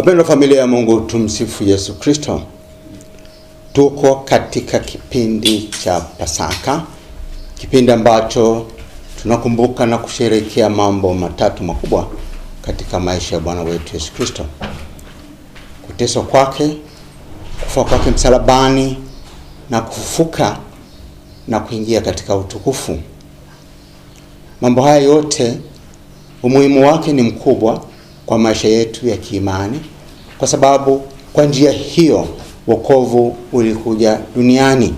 Wapendwa familia ya Mungu, tumsifu Yesu Kristo. Tuko katika kipindi cha Pasaka, kipindi ambacho tunakumbuka na kusherehekea mambo matatu makubwa katika maisha ya Bwana wetu Yesu Kristo: kuteswa kwake, kufa kwake msalabani na kufufuka na kuingia katika utukufu. Mambo haya yote umuhimu wake ni mkubwa kwa maisha yetu ya kiimani, kwa sababu kwa njia hiyo wokovu ulikuja duniani.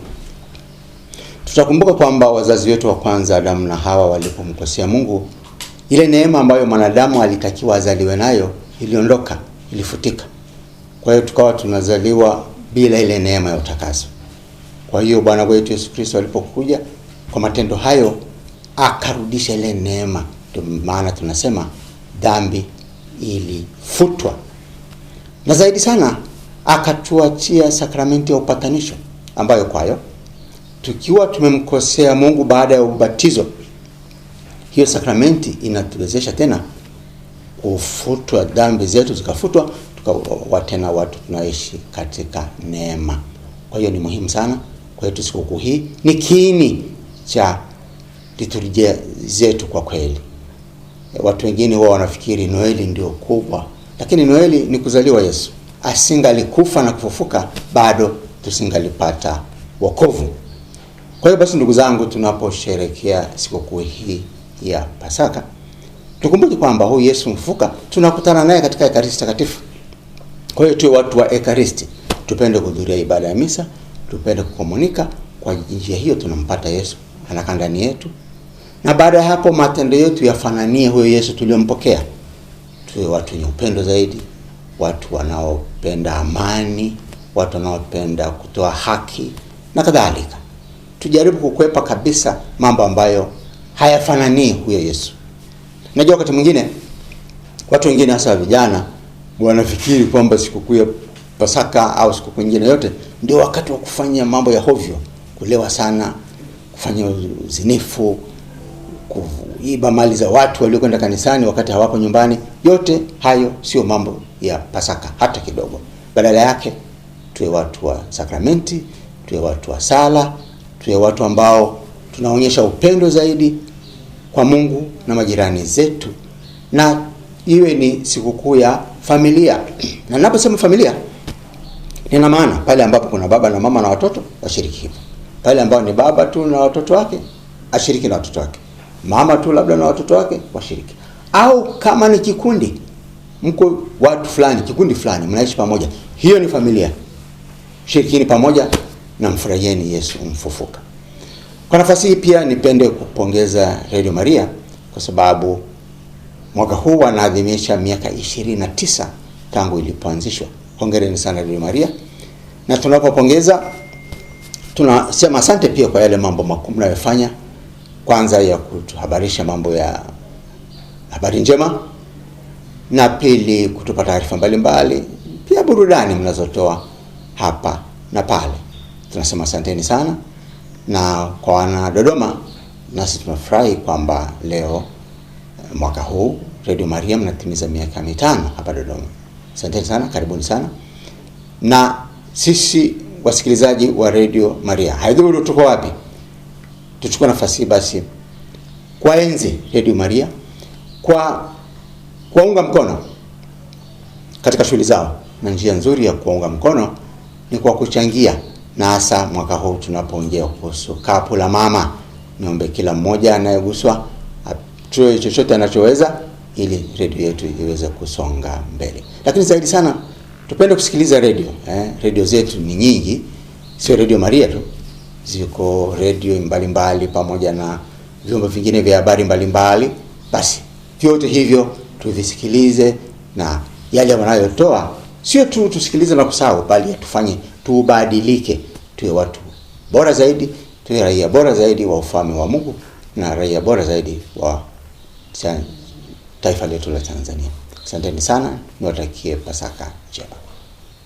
Tutakumbuka kwamba wazazi wetu wa kwanza Adamu na Hawa walipomkosea Mungu, ile neema ambayo mwanadamu alitakiwa azaliwe nayo iliondoka, ilifutika. Kwa hiyo tukawa tunazaliwa bila ile neema ya utakaso. Kwa hiyo Bwana wetu Yesu Kristo alipokuja kwa matendo hayo akarudisha ile neema, ndio maana tunasema dhambi ilifutwa, na zaidi sana akatuachia sakramenti ya upatanisho ambayo kwayo tukiwa tumemkosea Mungu baada ya ubatizo, hiyo sakramenti inatuwezesha tena kufutwa dhambi zetu, zikafutwa tukawa tena watu tunaishi katika neema. Kwa hiyo ni muhimu sana kwetu sikukuu hii, ni kiini cha liturujia zetu kwa kweli. Watu wengine wao wanafikiri Noeli ndio kubwa, lakini Noeli ni kuzaliwa Yesu. Asingalikufa na kufufuka, bado tusingalipata wokovu. Kwa hiyo basi, ndugu zangu, tunaposherehekea sikukuu hii ya Pasaka tukumbuke kwamba huyu Yesu mfufuka tunakutana naye katika Ekaristi Takatifu. Kwa hiyo tuwe watu wa Ekaristi, tupende kuhudhuria ibada ya misa, tupende kukomunika. Kwa njia hiyo tunampata Yesu, anakaa ndani yetu na baada ya hapo matendo yetu yafananie huyo Yesu tuliyompokea, tuwe watu wenye upendo zaidi, watu wanaopenda amani, watu wanaopenda kutoa haki na kadhalika. Tujaribu kukwepa kabisa mambo ambayo hayafananii huyo Yesu. Najua wakati mwingine watu wengine hasa vijana wanafikiri kwamba sikukuu ya Pasaka au sikukuu nyingine yote ndio wakati wa kufanya mambo ya hovyo, kulewa sana, kufanya uzinifu kuiba mali za watu waliokwenda kanisani wakati hawapo nyumbani. Yote hayo sio mambo ya Pasaka hata kidogo. Badala yake tuwe watu wa sakramenti, tuwe watu wa sala, tuwe watu ambao tunaonyesha upendo zaidi kwa Mungu na majirani zetu, na iwe ni sikukuu ya familia. Na ninaposema familia, nina maana pale ambapo kuna baba na mama na watoto washiriki hivyo, pale ambapo ni baba tu na watoto wake ashiriki na watoto wake, mama tu labda na watoto wake washiriki, au kama ni kikundi, mko watu fulani, kikundi fulani mnaishi pamoja, hiyo ni familia. Shirikini pamoja na mfurahieni Yesu mfufuka. Kwa nafasi hii pia nipende kupongeza Radio Maria kwa sababu mwaka huu wanaadhimisha miaka 29 tangu ilipoanzishwa. Hongereni sana Radio Maria, na tunapopongeza tunasema asante pia kwa yale mambo makubwa mnayofanya kwanza ya kutuhabarisha mambo ya habari njema, na pili kutupa taarifa mbalimbali, pia burudani mnazotoa hapa na pale. Tunasema asanteni sana, na kwa wana Dodoma nasi tumefurahi kwamba leo eh, mwaka huu Radio Maria mnatimiza miaka mitano hapa Dodoma. Asanteni sana, karibuni sana. Na sisi wasikilizaji wa Radio Maria, haidhuru tuko wapi tuchukue nafasi basi kwa enzi Radio Maria kwa kuwaunga mkono katika shughuli zao, na njia nzuri ya kuwaunga mkono ni kwa kuchangia, na hasa mwaka huu tunapoongea kuhusu kapu la mama. Niombe kila mmoja anayeguswa atoe chochote anachoweza ili redio yetu iweze kusonga mbele, lakini zaidi sana tupende kusikiliza redio eh. Redio zetu ni nyingi, sio Redio Maria tu ziko redio mbalimbali pamoja na vyombo vingine vya habari mbalimbali. Basi vyote hivyo tuvisikilize, na yale wanayotoa sio tu tusikilize na kusahau, bali tufanye tubadilike, tuwe watu bora zaidi, tuwe raia bora zaidi wa ufalme wa Mungu na raia bora zaidi wa taifa letu la Tanzania. Asanteni sana, niwatakie Pasaka njema.